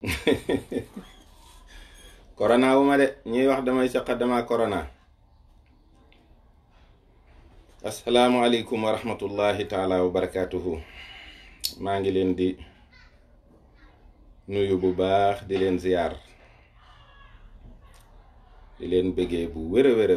corona wu ma de ñuy wax damay saqa dama corona asalaamualeykum wa rahmatullahi taala wa maa ngi leen di nuyu bu baax di leen ziyaar di leen bëggee bu wér a wér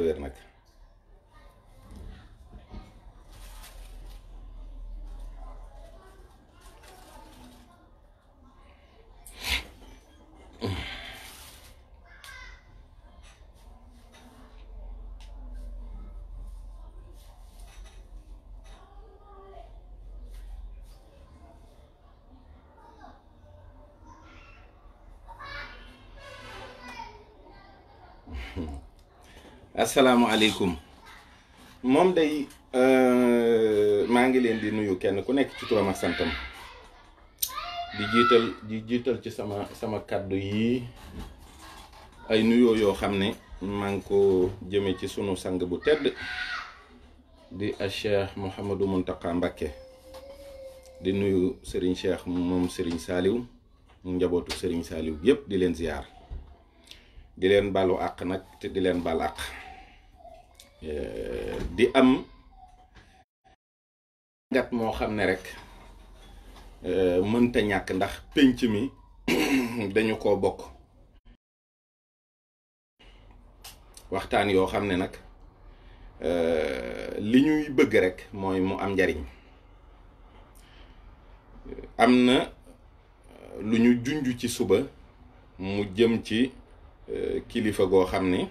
asalaamualeykum moom day euh, maa ngi leen di nuyu kenn ku nekk ci turam ak santam di jiital di jiital ci sama sama kàddu yi ay nuyoo yoo xam ne maa ngi ko jëme ci sunu sang bu tedd di a cheikh Mouhamadou Mountakha Mbacké di nuyu Serigne Cheikh moom Serigne Saliou njabootu Serigne Saliou yépp di leen ziar di leen balu àq nag te di leen bal àq di am ngat moo xam ne rek mënta ñàkk ndax pénc mi dañu ko bokk waxtaan yoo xam ne nag li ñuy bëgg rek mooy mu am njariñ am na lu ñu junj ci suba mu jëm ci Euh, kilifa goo xam ni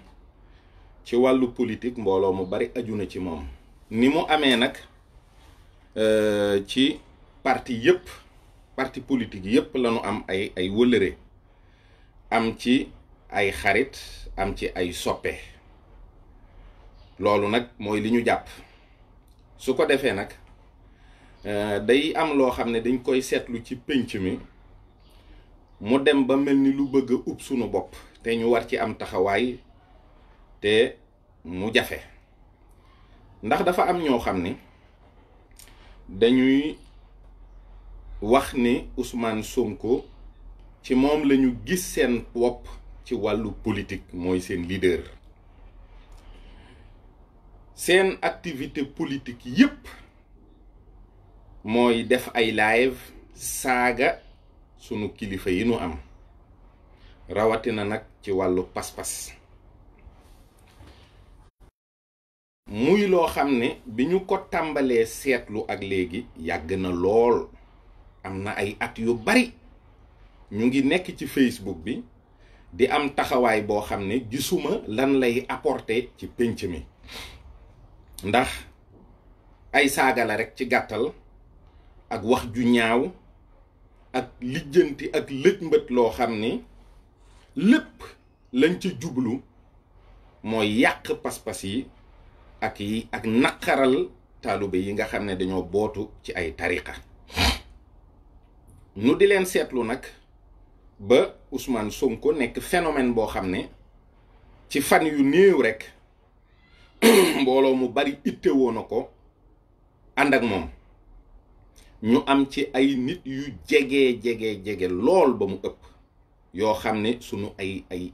ci wàllu politique mbooloo mu bari aju na ci moom ni mu amee nag euh, ci parti yëpp parti politique yëpp lañu am ay ay wëlëre am ci ay xarit am ci ay soppe loolu nag mooy li ñu jàpp su ko defee nag euh, day am loo xam ne dañ koy seetlu ci pénc mi mu dem ba mel ni lu bëgg ub sunu bopp te ñu war ci am taxawaay te mu jafe ndax dafa am ñoo xam ni dañuy wax ni Ousmane Sonko ci moom lañu gis seen wopp ci wàllu politique mooy seen leader seen activité politique yépp mooy def ay live saaga sunu kilifa yi nu am rawatina nag ci wàllu paspas muy loo xam ne bi ñu ko tàmbalee seetlu ak léegi yàgg na lool am na ay at yu bari ñu ngi nekk ci Facebook bi di am taxawaay boo xam ne gisuma lan lay apporter ci pénc mi ndax ay saagala la rek ci gàttal ak wax ju ñaaw ak lijjanti ak lëj mbët loo xam ni lépp lañ ci jublu mooy yàq pas-pas yi ak yi ak naqaral taalibe yi nga xam ne dañoo bootu ci ay tariqa nu di leen seetlu nag ba Ousmane Sonko nekk phénomène boo xam ne ci fan yu néew rek mbooloo mu bari itte woo ko ànd ak moom ñu am ci ay nit yu jege jege jege lool ba mu ëpp yoo xam ne sunu ay ay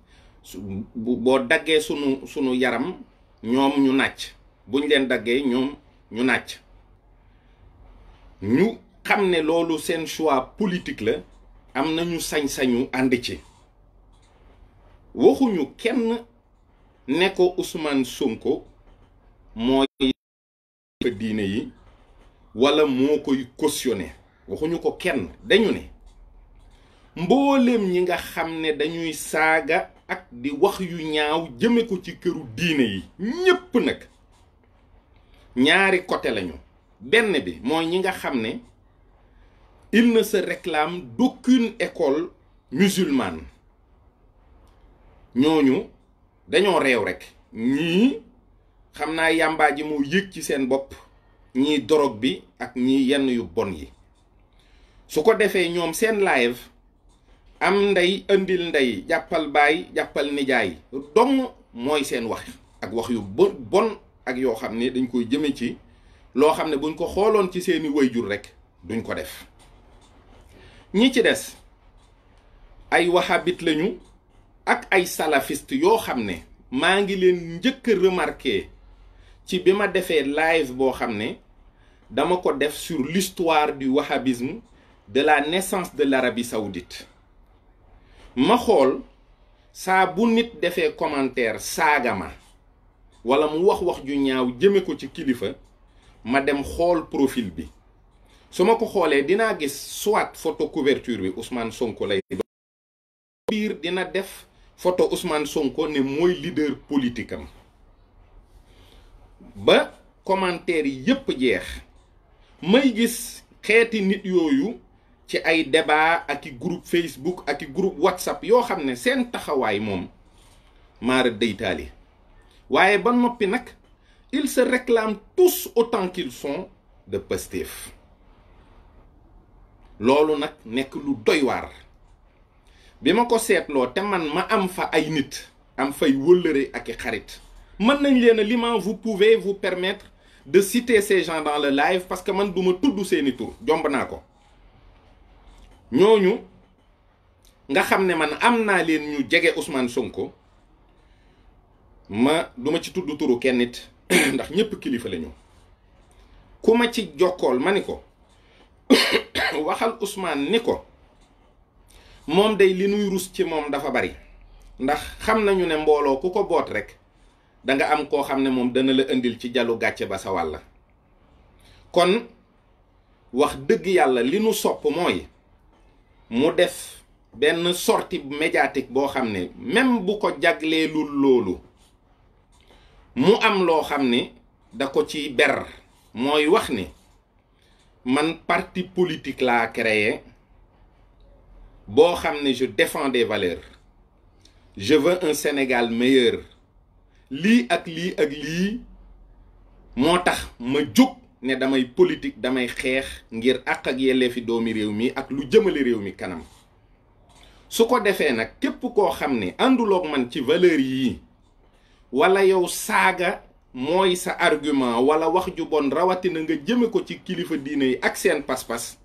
boo daggee sunu sunu yaram ñoom ñu nàcc buñ leen daggee ñoom ñu nàcc ñu xam ne loolu seen choix politik la am na ñu sañ-sañu ànd ci waxuñu kenn ne ko usmaan Sonko mooy diine yi wala moo koy cautionné waxuñu ko kenn dañu ne mbooleem ñi nga xam ne dañuy saaga ak di wax yu ñaaw jëme ko ci këru diine yi ñépp nag ñaari côté lañu benn bi mooy ñi nga xam ne il ne se réclame d'aucune école musulmane ñooñu dañoo réew rekk ñii xam naa yàmbaa ji moo yëg ci seen bopp ñii dorog bi ak ñii yenn yu bon yi su ko defee ñoom seen live am ndey andil ndey jàppal baay jàppal nijaay dong mooy seen wax ak wax yu bon ak yoo xam ne dañ koy jëme ci loo xam ne buñ ko xooloon ci seeni way jur rek duñ ko def ñi ci des ay wahabit lañu ak ay salafist yoo xam ne maa ngi leen njëkk a remarqué ci bi ma defee live boo xam ne dama ko def sur l'histoire du wahhabisme de la naissance de l'Arabie saoudite ma xool saa bu nit defee commentaire saaga ma wala mu wax wax ju ñaaw jëme ko ci kilifa ma dem xool profil bi su ma ko xoolee dinaa gis soit photo couverture bi Ousmane Sonko lay biir dina def photo Ousmane Sonko ne mooy leader politique ba commentaire yi yépp jeex may gis xeeti nit yooyu ci ay débat ak i groupe Facebook ak i groupe WhatsApp yoo xam ne seen taxawaay moom maara deytaali waaye ba noppi nag il se réclament tous autant qu'ils sont de Pastef loolu nag nekk lu doywaar bi ma ko seetloo te man ma am fa ay nit am fay wëllëre ak i xarit mën nañ leen a liman vous pouvez vous permettre de citer ces dans le live parce que man du ma tudd seeni tur jomb naa ko ñooñu nga xam ne man am naa leen ñu jege usmaan Sonko ma duma ci tudd turu kenn nit ndax ñëpp kilifa lañu ku ma ci jokkool ma ni ko waxal Ousmane ni ko moom day li nuy rus ci moom dafa bari ndax xam nañu ne mbooloo ku ko boot rekk danga am koo xam ne moom dana la indil ci jalu gàcce ba sa wàll kon wax dëgg yàlla li nu sopp mooy mu def benn sortie médiatique boo xam ne même bu ko jagleelul loolu mu am loo xam ne da ko ci ber mooy wax ni man parti politique la créé boo xam ne je défends des valeurs je veux un Sénégal meilleur lii ak lii ak lii moo tax ma jóg ne damay politique damay xeex ngir àq ak yelleefi doomi réew mi ak lu jëmale réew mi kanam su ko defee nag képp koo xam ne àndulook man ci valeur yii wala yow saaga mooy sa argument wala wax ju bon rawatina nga jëme ko ci kilifa diine yi ak seen pas-pas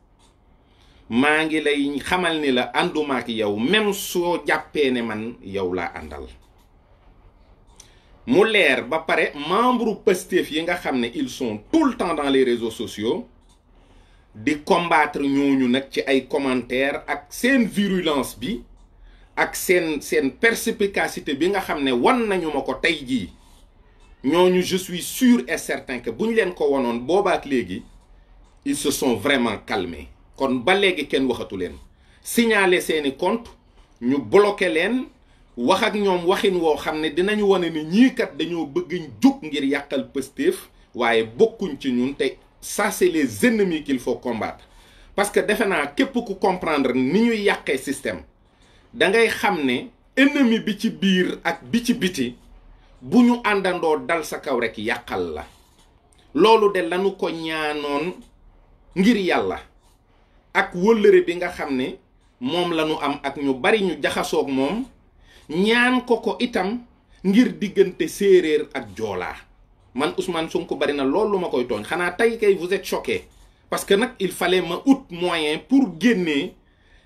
maa ngi lay xamal ni la àndumaak yow même soo jàppee ne man yow laa àndal mu leer ba pare membre Pastef yi nga xam ne ils sont tout le temps dans les réseaux sociaux di combattre ñooñu nag ci ay commentaires ak seen virulence bi ak seen seen perspicacité bi nga xam ne wan nañu ma ko tey jii ñooñu je suis sûr et certain que bu ñu leen ko wanoon boobaak léegi ils se sont vraiment calmés kon ba léegi kenn waxatu leen signaler seeni compte ñu bloqué leen wax ak ñoom waxin woo xam ne dinañu wane ni ñii kat dañoo bëgg jug ngir yàqal Pastef waaye bokkuñ ci ñun te ça c'est les ennemis qu'il faut parce que defe naa képp ku comprendre ni ñuy yàqee système da ngay xam ne ennemi bi ci biir ak bi ci biti bu ñu àndandoo dal sa kaw rek yàqal la loolu de lañu ko ñaanoon ngir yàlla ak wëllëre bi nga xam ne moom lañu am ak ñu bari ñu jaxasook moom ñaan ko ko itam ngir diggante séeréer ak joolaa man Ousmane Sonko bari na loolu ma koy tooñ xanaa tey kay vous êtes choqué parce que nag il fallait ma ut moyen pour génnee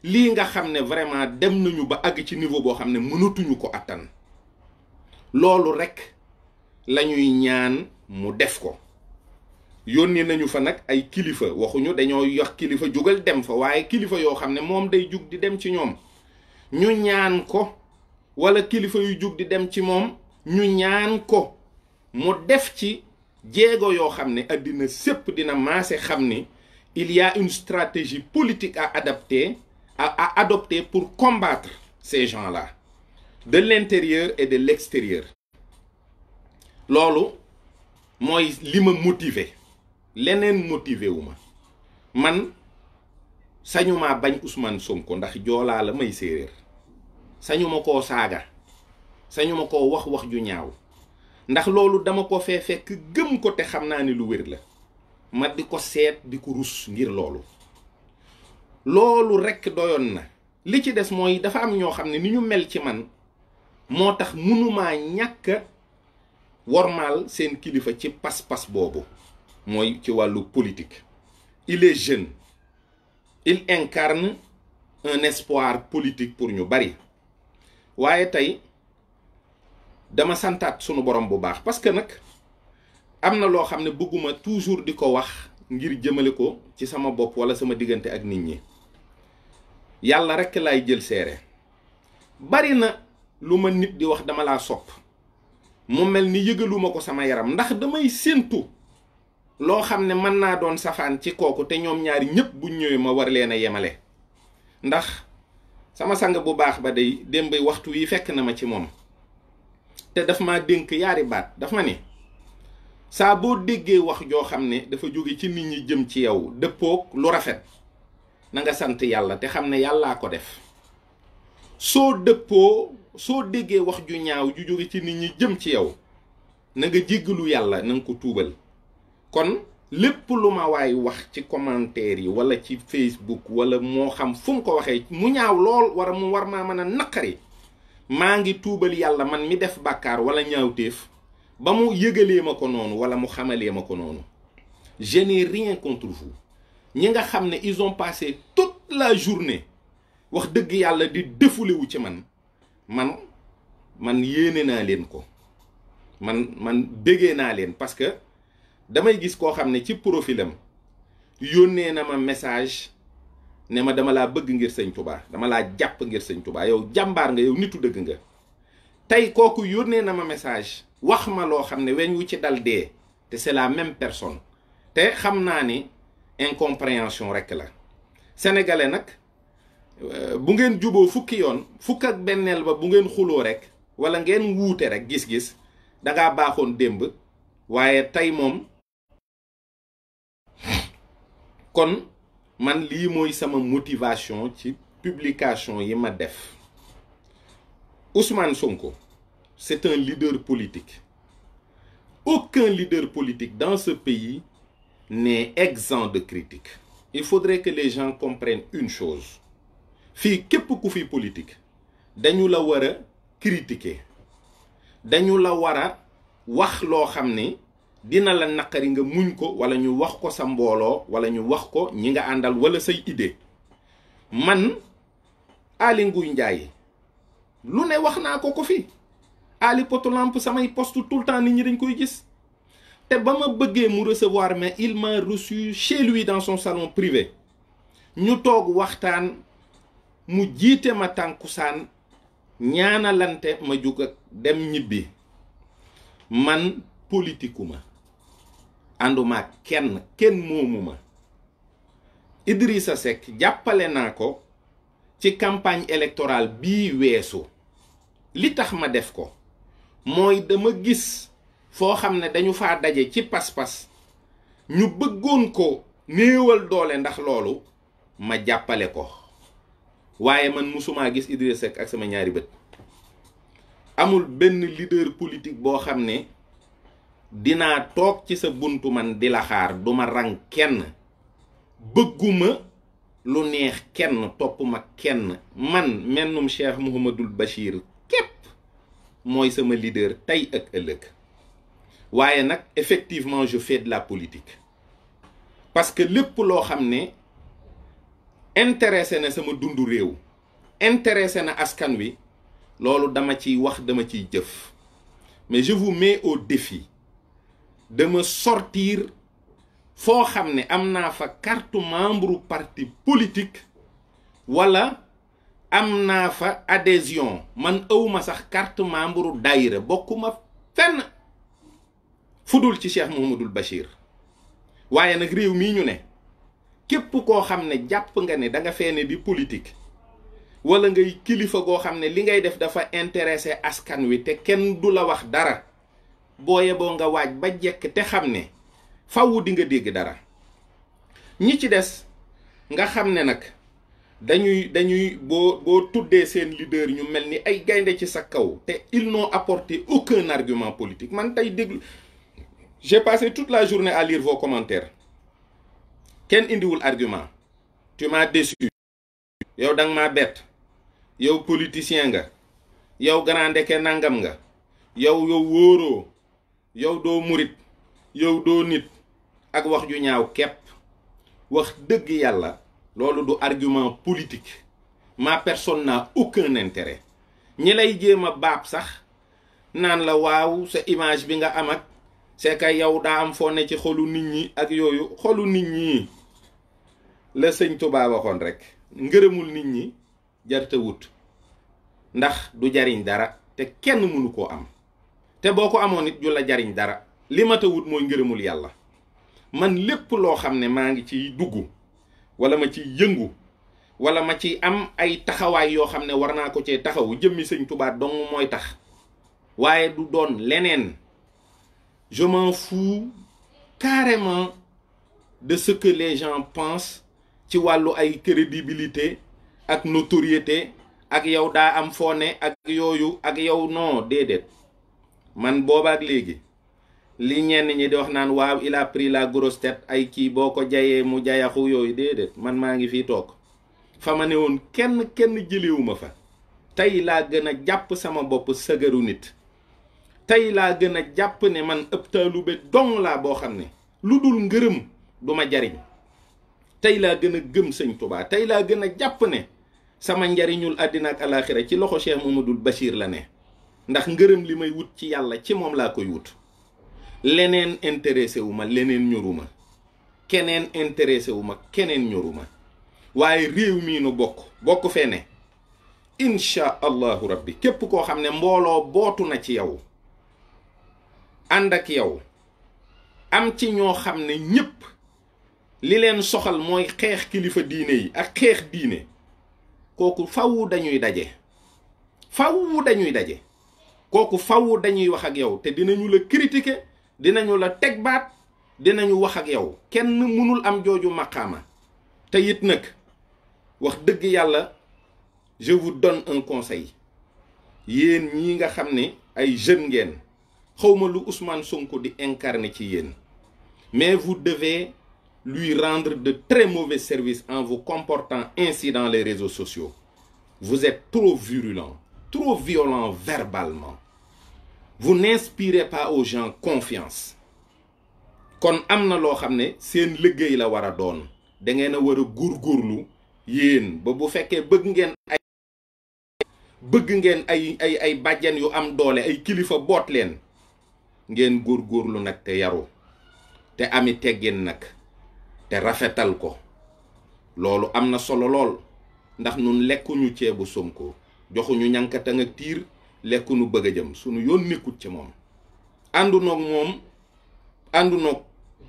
lii nga xam ne vraiment dem nañu ba àgg ci niveau boo xam ne mënatuñu ko àttan loolu rek la ñuy ñaan mu def ko yónni nañu fa nag ay kilifa waxuñu dañoo yox kilifa jógal dem fa waaye kilifa yoo xam ne moom day jug di dem ci ñoom ñu ñaan ko wala kilifa yu jug di dem ci moom ñu ñaan ko mu def ci jéego yoo xam ne àddina sépp dina maase xam ni il y une stratégie politique à adapter à, à pour combattre ces gens-là de l'intérieur et de l'extérieur loolu mooy li ma motiver leneen motiver wu man sañu bañ Ousmane Sonko ndax joolaa la may séeréer sañu ma koo saaga sañu ma koo wax wax ju ñaaw ndax loolu dama ko fee fekk gëm ko te xam naa ni lu wér la ma di ko seet di ko rus ngir loolu loolu rekk doyoon na li ci des mooy dafa am ñoo xam ne ni ñu mel ci man moo tax mënumaa ñàkk a wormaal seen kilifa ci pas-pas boobu mooy ci wàllu politique il est jeune il incarne un espoir politique pour ñu bari waaye tey dama santaat sunu borom bu baax parce que nag am na loo xam ne bëgguma toujours di ko wax ngir jëmale ko ci sama bopp wala sama diggante ak nit ñi yàlla rekk laay jël seere bari na lu ma nit di wax dama laa sopp mu mel ni yëgaluma ko sama yaram ndax damay séentu loo xam ne mën naa doon safaan ci kooku te ñoom ñaari ñëpp bu ñëwee ma war leen a yemale ndax sama sang bu baax ba day démb waxtu wi fekk na ma ci moom te daf ma dénk yaari baat daf ma ni saa boo déggee wax joo xam ne dafa jóge ci nit ñi jëm ci yow dëppook lu rafet nanga sant yàlla te xam ne yàllaa ko def soo dëppoo soo déggee wax ju ñaaw ju jóge ci nit ñi jëm ci yow na nga yàlla na ko tuubal kon lépp lu ma waay wax ci commentaire yi wala ci Facebook wala moo xam fu mu ko waxee mu ñaaw lool war mu war maa mën a naqari maa ngi tuubal yàlla man mi def bàkkaar wala ñaawteef ba mu yëgalee ma ko noonu wala mu xamalee ma ko noonu je n'ai rien contre ñi nga xam ne ison ont passé la journée wax dëgg yàlla di defulewu ci man man man yéene naa leen ko man man déggee naa leen parce damay gis koo xam ne ci profilam yónnee na ma message ne ma dama laa bëgg ngir sëñ tubaa dama laa jàpp ngir sëñ tubaa yow jàmbaar nga yow nitu dëgg nga tey kooku yónnee na ma message wax ma loo xam ne weñ wu ci dal dee te c'est la même personne te xam naa ni incompréhension rek la sénégalais nag euh, bu ngeen juboo fukki yoon fukk ak benneel ba bu ngeen xuloo rek wala ngeen wuute rek gis-gis dangaa baaxoon démb waaye tey moom kon man lii mooy sama motivation ci publication yi ma def Ousmane Sonko c'est un leader politique aucun leader politique dans ce pays n'est exempt de critique il faudrait que les gens comprennent une chose fii képp ku fi politique dañu la war a critiquer dañu la war a wax loo xam ni dina la naqari nga muñ ko wala ñu wax ko sa mbooloo wala ñu wax ko ñi nga àndal wala say idée man Aly Ngouille Ndiaye lu ne wax naa ko ko fi Aly Potolamp samay poste tout le temps nit ñi dañ koy gis te ba ma bëggee mu resevoir mais il resu reçu chez lui dans son salon privé ñu toog waxtaan mu jiite ma tànkusaan ñaanalante ma jug ak dem ñibbi man politikuma ànduma kenn kenn moomu ma Idrissa Seck jàppale naa ko ci campagne électorale bii weesu li tax ma def ko mooy dama gis foo xam ne dañu faa daje ci pas-pas ñu bëggoon ko néewal doole ndax loolu ma jàppale ko waaye man musumaa gis Idrissa Seck ak sama ñaari bët amul benn leader politik boo xam ne dinaa toog ci sa buntu man di la xaar duma rang kenn bëgguma lu neex kenn toppuma kenn man mennum Cheikh Mouhamadul Bachir képp mooy sama leader tey ak ëllëg waaye nag effectivement je fais de la politique parce que lépp loo xam ne intéressé na sama dundu réew intéressé na askan wi loolu dama ciy wax dama ciy jëf mais je vous mets au défi dama sortir foo xam ne am naa fa carte membre parti politique wala am naa fa adhésion man awma sax carte membre daayira bokkuma fenn fudul ci Cheikh Mouhamadoul Bachir waaye nag réew mii ñu ne képp koo xam ne jàpp nga ne danga nga fee ne di politique wala ngay kilifa goo xam ne li ngay def dafa intéressé askan wi te kenn du la wax dara boo yeboo nga waaj ba jekk te xam ne fàww di nga dégg dara ñi ci des nga xam ne nag dañuy dañuy boo boo tuddee seen leader ñu mel ni ay gaynde ci sa kaw te il n'ont apporté aucun argument politique man tey déglu j'ai passé toute la journée à lire vos kenn indiwul argument tu m'as déçu yow da nga bett yow politisien nga yow grand ndeke nangam nga yow yow wóoroo yow doo murit yow doo nit ak wax ju ñaaw kepp wax dëgg yàlla loolu du argument politique ma personne n'a aucun ñi lay jéem a baab sax naan la waaw sa image bi nga am ak c'est que yow daa am foo ne ci xolu nit ñi ak yooyu xolu nit ñi la sëñ Tuubaa waxoon rek ngërëmul nit ñi jarta wut ndax du jariñ dara te kenn mënu ko am te boo ko amoon it ju jariñ dara li ma tawut mooy ngërëmul yàlla man lépp loo xam ne maa ngi ciy dugg wala ma ciy yëngu wala ma ci am ay taxawaay yoo xam ne war naa ko cee taxawu jëmmi sëñ Tuubaa dong mooy tax waaye du doon leneen je m'en fous carrément de ce que les gens pensent ci wàllu ay crédibilité ak notoriété ak yow daa am foo ak yooyu ak yow noo déedéet man boobaak léegi li ñenn ñi di wax naan waaw il a pris la grosse ay kii boo ko jayee mu jayaxu yooyu déedéet man maa ngi fi toog fa ma ne woon kenn kenn jëliwu ma fa tey laa gën a jàpp sama bopp sëgëru nit tey laa gën a jàpp ne man ëpp taalube dong laa boo xam ne lu dul ngërëm duma jariñ tey laa gën a gëm sëñ Tuubaa tey laa gën a jàpp ne sama njariñul àddina ak alaaxira ci loxo Cheikh Mamadul Bachir la ne ndax ngërëm li may wut ci yàlla ci moom laa koy wut leneen intéressé wu ma leneen ñoruma keneen intéressé wu ma keneen ñoruma waaye réew mii nu bokk bokk fee ne incha allahu rabbi képp koo xam ne mbooloo bootu na ci yow ànd ak yow am ci ñoo xam ne ñépp li leen soxal mooy xeex kilifa diine yi ak xeex diine kooku faw dañuy daje faw dañuy daje kooku faw dañuy wax ak yow te dinañu la critiquer dinañu la teg baat dinañu wax ak yow kenn mënul am jooju maqaama te it nag wax dëgg yàlla je vous donne un conseil yéen ñi nga xam ni ay jeunes ngeen xawma lu Ousmane Sonko di incarner ci yéen mais vous devez lui rendre de très mauvais services en vous comportant incident les réseaux sociaux vous êtes trop virulent trop violent verbalement vous n'inspirez pas aux gens confiance kon am na loo xam ne seen liggéey la war a doon dangeen a war a góorgóorlu yéen ba bu fekkee bëgg ngeen ay bëgg ay ay yu am doole ay kilifa boot leen ngeen góorgóorlu nag te yaru te ami teggin nag te rafetal ko loolu am na solo lool ndax nun lekkuñu ceebu som ko joxuñu ñankatang ak tiir lekku nu bëgg a jëm sunu yoon nekkut ci moom àndunoog moom àndunoog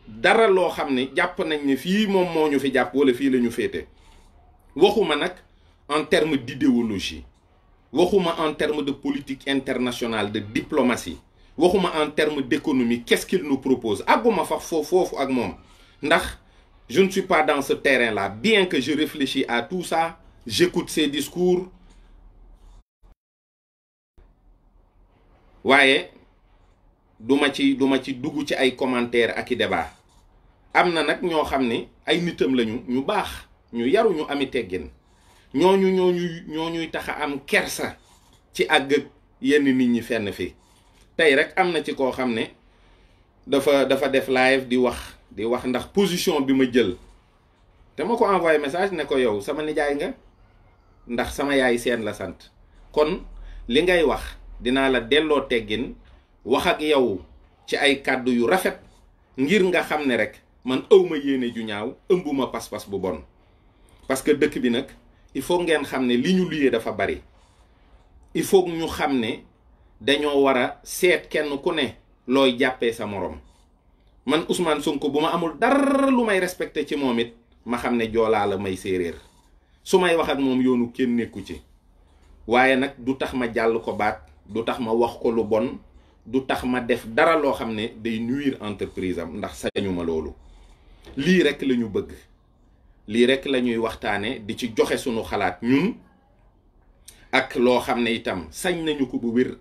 dara loo xam ne jàpp nañ ne fii moom moo ñu fi jàpp wala fii lañu ñu féete waxuma nag en terme d'idéologie waxuma en terme de politique internationale de diplomatie waxuma en terme d'économie qu'est-ce qu'il nous propose àgguma fa foofu ak moom ndax je ne suis pas dans ce terrain la bien que je réfléchis à tout ça j'écoute ses discours waaye duma ci duma ci dugg ci ay commentaire ak i am na nag ñoo xam ni ay nitam lañu ñu baax ñu yaru ñu ami teggin ñooñu ñooñu ñooñuy tax a am kersa ci àgg yenn nit ñi fenn fii tey rek am na ci koo xam ne dafa dafa def live di wax di wax ndax position bi ma jël te ma ko envoyé message ne ko yow sama nijaay nga ndax sama yaay seen la sant kon li ngay wax dinaa la delloo teggin wax ak yow ci ay kàddu yu rafet ngir nga xam ne rek man ëwma yéene ju ñaaw ëmbuma pas-pas bu bon parce que dëkk bi nag il faut ngeen xam ne li ñu liyee dafa bari il faut ñu xam ne dañoo war a seet kenn ku ne looy jàppee sa moroom man Ousmane Sonko bu ma amul dara lu may respecté ci moom it ma xam ne joolaa la may séeréer su may wax ak moom yoonu kenn nekku ci waaye nag du tax ma jàll ko baat du tax ma wax ko lu bon du tax ma def dara loo xam ne day nuire entreprise am ndax sañu ma loolu lii rek la ñu bëgg lii rek la ñuy waxtaane di ci joxe sunu xalaat ñun ak loo xam ne itam sañ nañu ko bu wér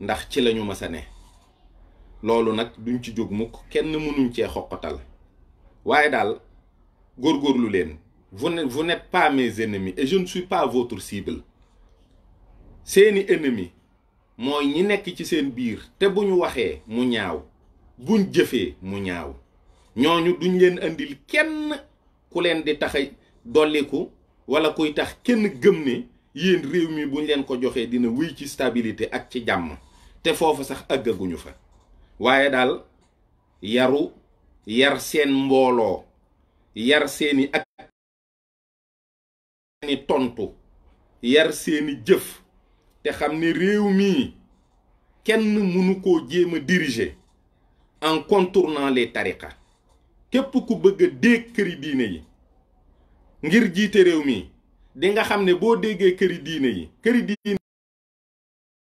ndax ci lañu mës a ne loolu nag duñ ci jóg mukk kenn mënuñ cee xoqatal waaye daal góorgóorlu leen vous ne vous n'êtes pas mes ennemis et je ne suis pas votre cible seeni ennemi mooy ñi nekk ci seen biir te bu ñu waxee mu ñaaw buñ jëfee mu ñaaw ñooñu duñ leen andil kenn ku leen di tax a dolliku wala kuy tax kenn gëm ni yéen réew mi buñ leen ko joxee dina wuy ci stabilité ak ci jàmm te foofu sax àggaguñu fa waaye daal yaru yar seen mbooloo yar seeni ak seeni tontu yar seeni jëf te xam ne réew mii kenn mënu koo jéem a diriger en contournant les tariqa képp ku bëgg a dégg këri diine yi ngir jiite réew mi di nga xam ne boo déggee këri diine yi këri diine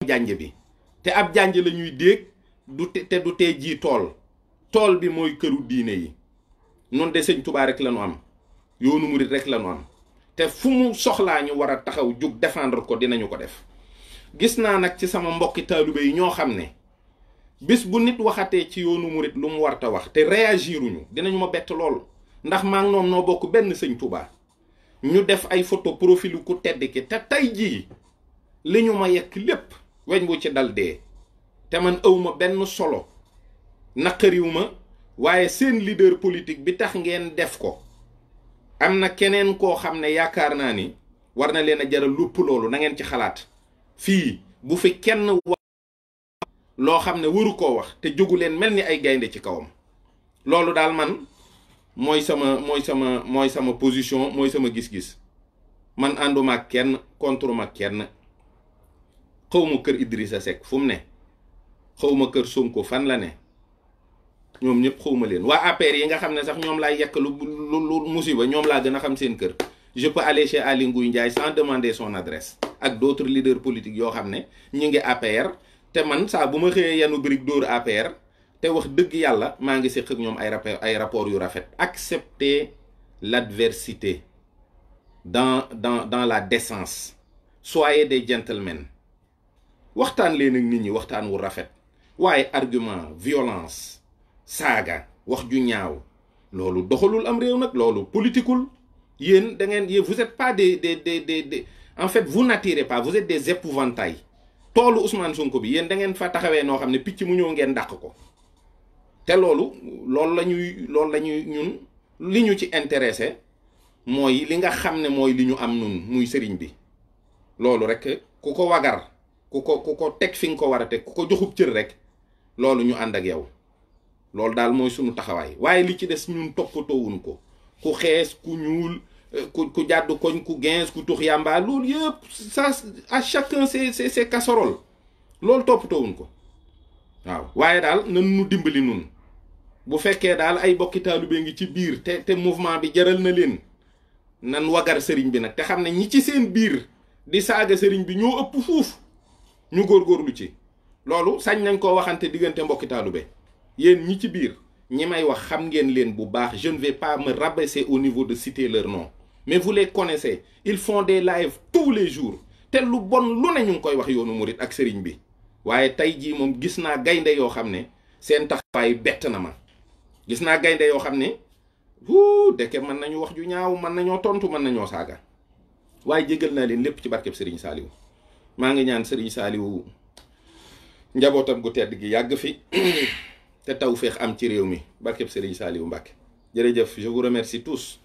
jànj bi te ab jànj la ñuy dégg du te du te ji tool tool bi mooy këru diine yi noonu de sëñ Tuubaa rek la ñu am yoonu murit rek la am te fu mu soxlaa ñu war a taxaw jug défendre ko dinañu ko def gis naa nag ci sama mbokki taalibe yi ñoo xam ne bis bu nit waxatee ci yoonu murit lu mu warta wax te réagiruñu dinañu ma bett lool ndax maa ngi noom noo bokk benn sëñ Tuubaa ñu def ay photo profil ku tedd ki te tey jii li ñu ma yekk lépp weñ bu ci dal dee te man awma benn solo naqariwu waaye seen leader politique bi tax ngeen def ko am na keneen koo xam ne yaakaar naa ni war na leen a jaral lupp loolu na ngeen ci xalaat fii bu fi kenn wax loo xam ne waru koo wax te jógu leen mel ni ay gaynde ci kawam loolu daal man mooy sama mooy sama mooy sama position mooy sama gis-gis man ànduma ak kenn contre ma kenn xawma kër Idrissa Seck fu mu ne xawma kër Sonko fan la ne ñoom ñëpp xawma leen waa APR yi nga xam ne sax ñoom laay yekk lu lu musiba ñoom laa gën a xam seen kër je peux aller chez Aly Ngouille Ndiaye sans demander son adresse ak d'autres leaders politiques yoo xam ne ñu ngi APR te man saa bu ma xëyee yanu brique dóor APR te wax dëgg yàlla maa ngi séq ak ñoom ay rapport ay rapport yu rafet accepter l'adversité dans dans dans la décence soyez des gentlemen waxtaan leen ak nit ñi waxtaan wu rafet waaye argument violence saaga wax ju ñaaw loolu doxalul am réew nag loolu politikul yéen da vous êtes pas des des des en fait vous n'attirez pas vous êtes des épouvantails toolu Ousmane Sonko bi yéen da ngeen fa taxawee noo xam ne picc mu ñëw ngeen dàq ko te loolu loolu la ñuy loolu la ñun li ñu ci intéressé mooy li nga xam ne mooy li ñu am nun muy sëriñ bi loolu rek ku ko wagar ku ko ku ko teg fi nga ko war a teg ku ko joxub cër rek loolu ñu ànd ak yow loolu daal mooy sunu taxawaay waaye li ci des ñun toppatoowuñ ko ku xees ku ñuul ku ku jàdd koñ ku gens ku tux yàmba loolu yëpp ça à chacun ses ses ses casseroles loolu toppatoowuñ ko waaw waaye daal nan nu dimbali nun bu fekkee daal ay bokki taalibe ngi ci biir te te mouvement bi jaral na leen nan wagar sëriñ bi nag te xam ne ñi ci seen biir di saaga sëriñ bi ñoo ëpp fuuf ñu góorgóorlu ci loolu sañ nañ ko waxante diggante mbokki taalibe yéen ñi ci biir ñi may wax xam ngeen leen bu baax je ne vais pas me au niveau de citer leur nom mais vous les il faut des lives tous les jours te lu bon lu ne ñu ngi koy wax yoonu murit ak sëriñ bi waaye tey jii moom gis naa gaynde yoo xam ne seen tax taxawaay bett na ma gis naa gaynde yoo xam ne wuu deke mën nañu wax ju ñaaw mën nañoo tontu mën nañoo saaga waaye jégal naa leen lépp ci barkeb sëriñ Saaliwu maa ngi ñaan sëriñ Saaliwu njabootam gu tedd gi yàgg fi te taw feex am ci réew mi barkeb sëriñ Saaliwu Mbàkke jërëjëf je vous remercie